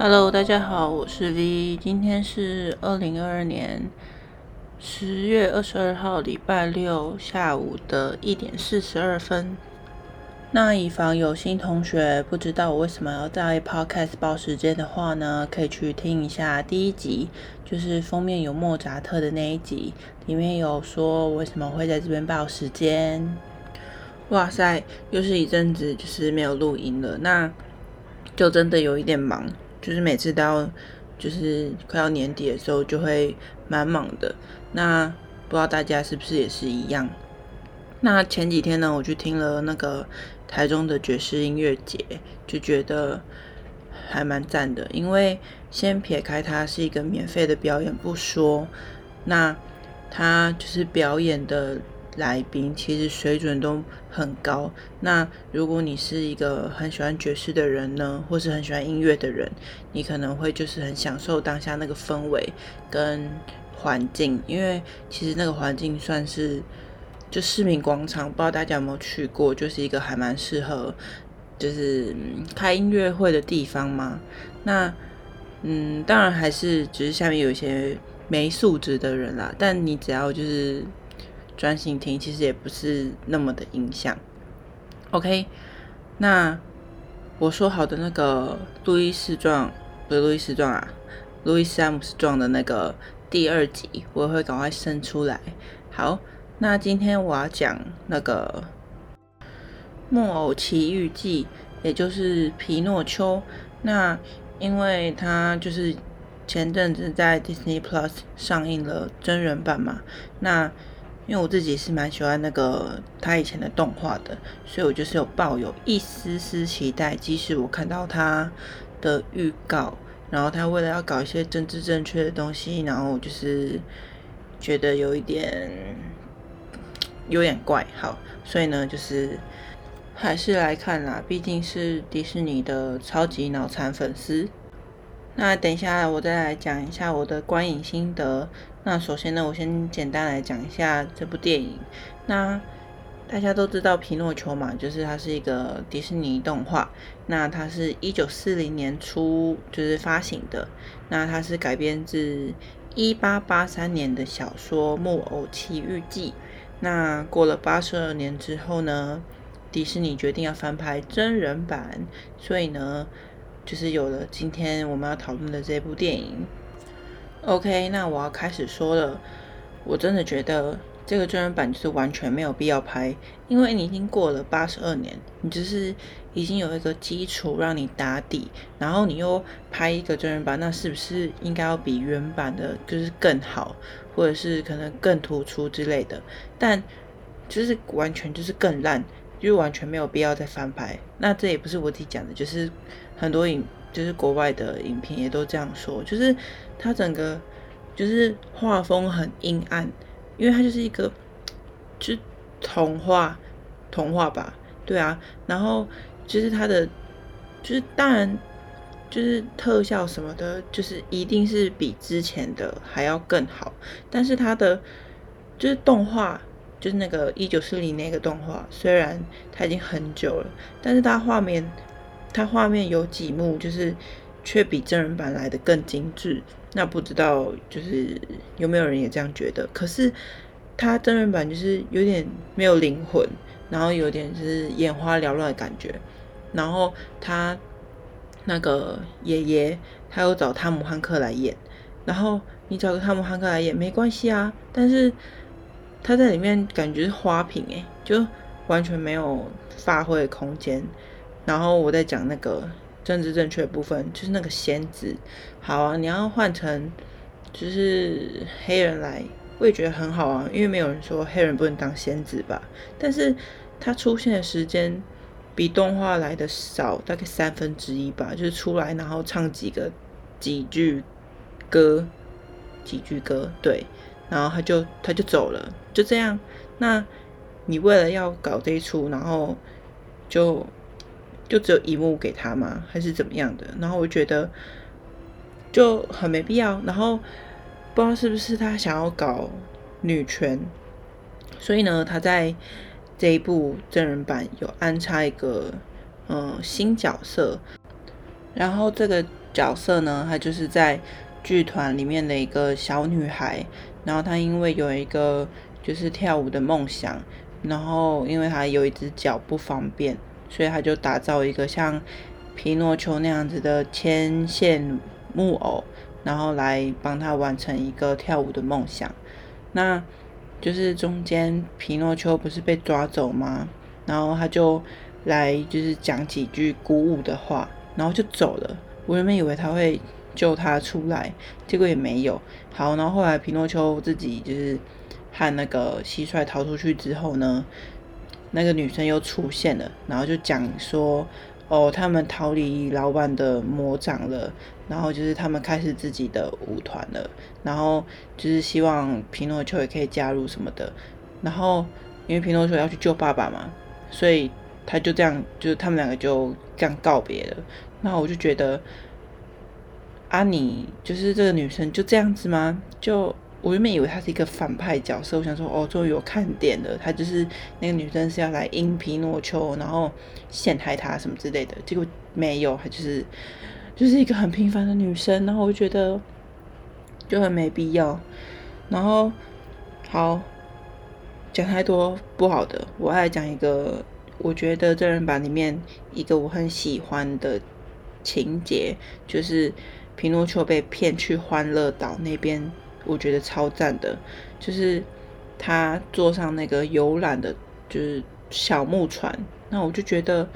Hello，大家好，我是 V，今天是二零二二年十月二十二號禮拜六下午的一點四十二分。那以防有新同學不知道我為什麼要在 Podcast 報時間的話呢，可以去聽一下第一集，就是封面有莫扎特的那一集，裡面有說我為什麼會在這邊報時間。哇塞，又是一陣子就是沒有錄音了，那就真的有一點忙。就是每次到，就是快要年底的時候，就會蠻忙的。那不知道大家是不是也是一樣？那前幾天呢，我去聽了那個台中的爵士音樂節，就覺得還蠻讚的。因為先撇開它是一個免費的表演不說，那它就是表演的。來賓其實水準都很高。那如果你是一個很喜歡爵士的人呢，或是很喜歡音樂的人，你可能會就是很享受當下那個氛圍跟環境，因為其實那個環境算是就市民廣場，不知道大家有沒有去過，就是一個還蠻適合就是開音樂會的地方嘛。那嗯，當然還是只是下面有些沒素質的人啦，但你只要就是。專心聽，其實也不是那麼的影響。OK，那我說好的那個路易斯壯，不是路易斯壯啊，路易斯·阿姆斯壯的那個第二集，我也會趕快生出來。好，那今天我要講那個《木偶奇遇記》，也就是《皮諾丘》。那因為他就是前陣子在 Disney Plus 上映了真人版嘛，那。因為我自己是蠻喜歡那個他以前的動畫的，所以我就是有抱有一絲絲期待。即使我看到他的預告，然後他為了要搞一些政治正確的東西，然後我就是覺得有一點有點怪。好，所以呢，就是還是來看啦，畢竟是迪士尼的超級腦殘粉絲。那等一下我再來講一下我的觀影心得。那首先呢，我先簡單來講一下這部電影。那大家都知道《皮諾丘》嘛，就是它是一個迪士尼動畫。那它是一九四零年初就是發行的。那它是改編自一八八三年的小說《木偶奇遇記》。那過了八十二年之後呢，迪士尼決定要翻拍真人版，所以呢，就是有了今天我們要討論的這部電影。OK，那我要開始說了。我真的覺得這個真人版就是完全沒有必要拍，因為你已經過了八十二年，你就是已經有一個基礎讓你打底，然後你又拍一個真人版，那是不是應該要比原版的就是更好，或者是可能更突出之類的？但就是完全就是更爛，就是完全沒有必要再翻拍。那這也不是我自己講的，就是很多影。就是國外的影評，也都這樣說，就是它，整個就是畫風很陰暗，因為它就是一個就是、童話童話吧，對啊，然後就是它的就是當然就是特效什麼的，就是一定是比之前的還要更好，但是它的就是動畫就是那個一九四零那個動畫，雖然它已經很久了，但是它畫面。他畫面有幾幕，就是卻比真人版來得更精緻。那不知道就是有沒有人也這樣覺得？可是他真人版就是有點沒有靈魂，然後有點就是眼花繚亂的感覺。然後他那個爺爺，他又找湯姆漢克來演。然後你找個湯姆漢克來演沒關係啊，但是他在裡面感覺是花瓶哎、欸，就完全沒有發揮的空間。然後我再講那個政治正確的部分，就是那個仙子，好啊，你要換成就是黑人來，我也覺得很好啊，因為沒有人說黑人不能當仙子吧？但是他出現的時間比動畫來的少，大概三分之一吧，就是出來然後唱幾個幾句歌，幾句歌，對，然後他就他就走了，就這樣。那你為了要搞這一出，然後就。就只有一幕給他嗎？還是怎麼樣的？然後我覺得就很沒必要。然後不知道是不是他想要搞女權，所以呢，他在這一部真人版有安插一個嗯、呃、新角色。然後這個角色呢，他就是在劇團裡面的一個小女孩。然後她因為有一個就是跳舞的夢想，然後因為她有一隻腳不方便。所以他就打造一個像皮諾丘那樣子的牽線木偶，然後來幫他完成一個跳舞的夢想。那就是中間皮諾丘不是被抓走嗎？然後他就來就是講幾句鼓舞的話，然後就走了。我原本以為他會救他出來，結果也沒有。好，然後後來皮諾丘自己就是和那個蟋蟀逃出去之後呢，那個女生又出現了，然後就講說，哦，他們逃離老闆的魔掌了，然後就是他們開始自己的舞團了，然後就是希望皮諾丘也可以加入什麼的，然後因為皮諾丘要去救爸爸嘛，所以他就這樣，就是他們兩個就這樣告別了。那我就覺得，啊，你就是這個女生就這樣子嗎？就。我原本以為他是一個反派角色，我想說哦，終於有看點了。他就是那個女生是要來陰皮諾丘，然後陷害他什麼之類的。結果沒有，她就是就是一個很平凡的女生。然後我覺得就很沒必要。然後好講太多不好的，我要來講一個我覺得真人版裡面一個我很喜歡的情節，就是皮諾丘被騙去歡樂島那邊。我覺得超讚的，就是他坐上那個遊覽的，就是小木船。那我就覺得，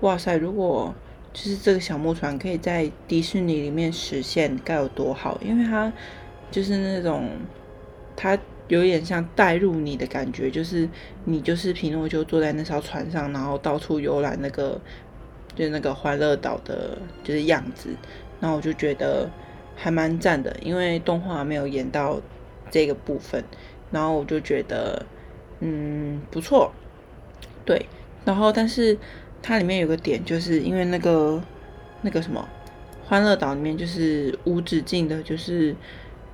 哇塞！如果就是這個小木船可以在迪士尼裡面實現，該有多好！因為它就是那種，它有點像帶入你的感覺，就是你就是皮諾丘坐在那艘船上，然後到處遊覽那個，就是、那個歡樂島的，就是樣子。那我就覺得。還蠻讚的，因為動畫沒有演到這個部分，然後我就覺得，嗯，不錯，對。然後，但是它裡面有個點，就是因為那個那個什麼《歡樂島》裡面就是無止境的，就是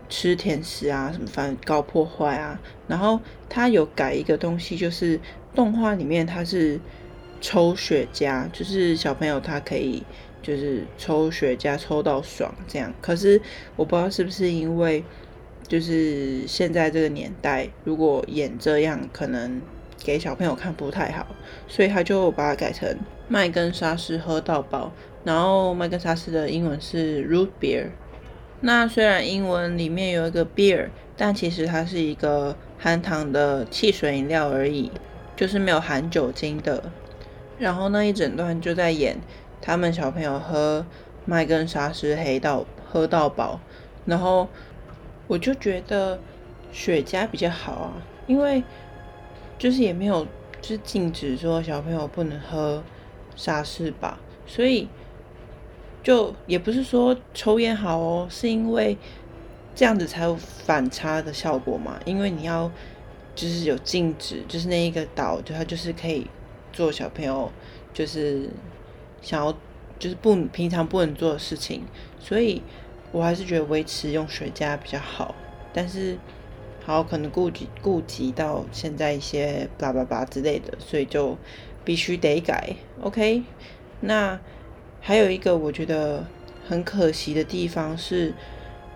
吃甜食啊，什麼反正搞破壞啊。然後它有改一個東西，就是動畫裡面它是抽雪茄，就是小朋友他可以。就是抽雪茄抽到爽這樣，可是我不知道是不是因為就是現在這個年代，如果演這樣可能給小朋友看不太好，所以他就把它改成麥根沙士喝到飽。然後麥根沙士的英文是 root beer，那雖然英文裡面有一個 beer，但其實它是一個含糖的汽水飲料而已，就是沒有含酒精的。然後那一整段就在演。他們小朋友喝麥根沙士，黑到喝到喝到飽，然後我就覺得雪茄比較好啊，因為就是也沒有，就是禁止說小朋友不能喝沙士吧，所以就也不是說抽煙好哦，是因為這樣子才有反差的效果嘛，因為你要就是有禁止，就是那一個島，就它就是可以做小朋友就是。想要就是不平常不能做的事情，所以我還是覺得維持用雪茄比較好。但是，好可能顧及顧及到現在一些巴拉巴拉之類的，所以就必須得改。OK，那還有一個我覺得很可惜的地方是，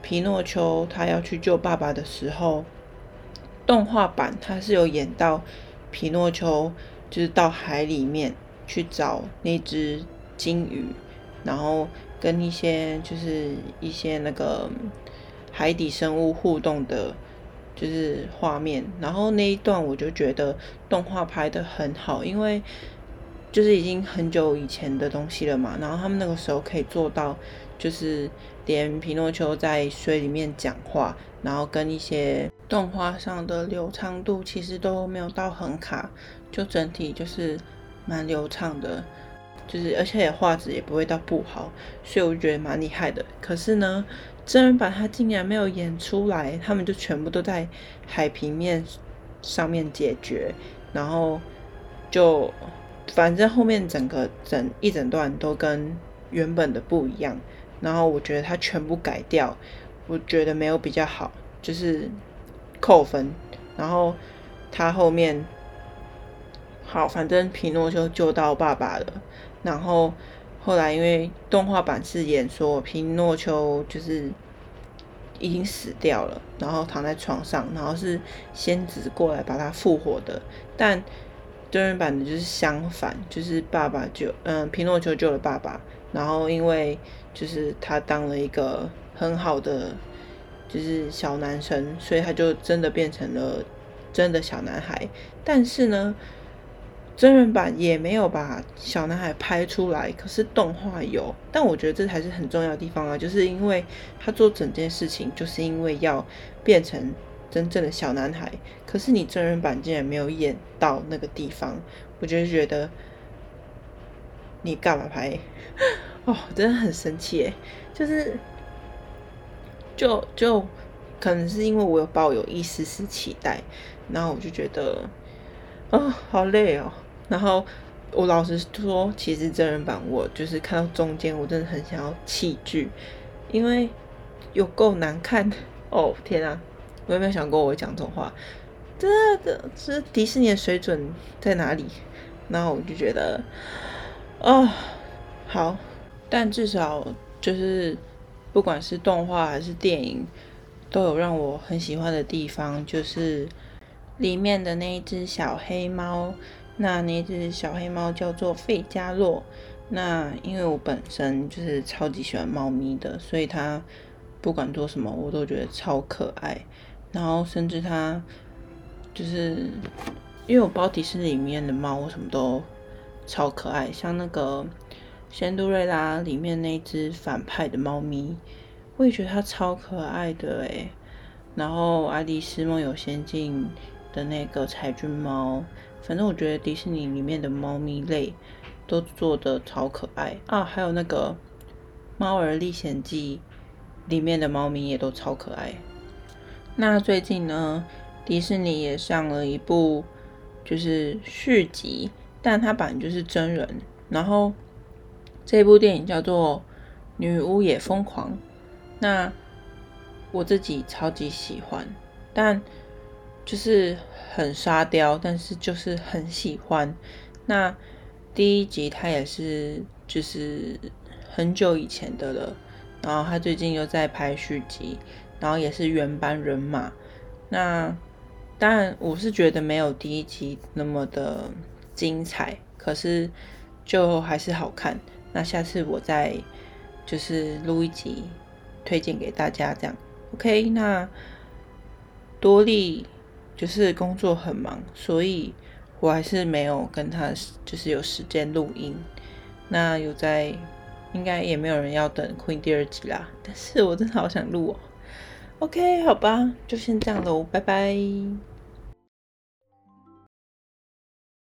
皮諾丘他要去救爸爸的時候，動畫版他是有演到皮諾丘就是到海裡面去找那隻。鯨魚，然後跟一些就是一些那個海底生物互動的，就是畫面。然後那一段我就覺得動畫拍得很好，因為就是已經很久以前的東西了嘛。然後他們那個時候可以做到，就是連皮諾丘在水裡面講話，然後跟一些動畫上的流暢度其實都沒有到很卡，就整體就是蠻流暢的。就是，而且畫質也不會到不好，所以我覺得蠻厲害的。可是呢，真人版他竟然沒有演出來，他們就全部都在海平面上面解決，然後就反正後面整個整一整段都跟原本的不一樣。然後我覺得他全部改掉，我覺得沒有比較好，就是扣分，然後他後面。好，反正皮諾丘救到爸爸了。然後後來因為動畫版是演說皮諾丘就是已經死掉了，然後躺在床上，然後是仙子過來把他復活的。但真人版的就是相反，就是爸爸救嗯、呃，皮諾丘救了爸爸。然後因為就是他當了一個很好的就是小男生，所以他就真的變成了真的小男孩。但是呢，真人版也沒有把小男孩拍出來，可是動畫有。但我覺得這才是很重要的地方啊！就是因為他做整件事情，就是因為要變成真正的小男孩。可是你真人版竟然沒有演到那個地方，我就覺得你幹嘛拍？哦，真的很生氣欸！就是就就可能是因為我有抱有一絲絲期待，然後我就覺得啊，好累哦。然後我老實說，其實真人版我就是看到中間，我真的很想要棄劇，因為有夠難看。哦，天啊，我有沒有想過我講這種話？這這這迪士尼的水準在哪裡？然後我就覺得，哦，好，但至少就是不管是動畫還是電影，都有讓我很喜歡的地方，就是裡面的那一隻小黑貓。那那隻小黑貓叫做費加洛。那因為我本身就是超級喜歡貓咪的，所以它不管做什麼我都覺得超可愛。然後甚至它就是因為我包迪斯裡面的貓，我什麼都超可愛。像那個《仙杜瑞拉》裡面那隻反派的貓咪，我也覺得它超可愛的誒，然後《愛麗絲夢遊仙境》的那個柴郡貓。反正我覺得迪士尼裡面的貓咪類都做得超可愛啊，還有那個《貓兒歷險記》裡面的貓咪也都超可愛。那最近呢，迪士尼也上了一部就是續集，但它本來就是真人，然後這部電影叫做《女巫也瘋狂》，那我自己超級喜歡，但。就是很沙雕，但是就是很喜歡。那第一集它也是就是很久以前的了，然後它最近又在拍續集，然後也是原班人馬。那當然我是覺得沒有第一集那麼的精彩，可是就還是好看。那下次我再就是錄一集推薦給大家，這樣 OK？那多利。就是工作很忙，所以我還是沒有跟他就是有時間錄音。那有在，應該也沒有人要等 Queen 第二集啦。但是我真的好想錄哦、喔。OK，好吧，就先這樣嘍，拜拜。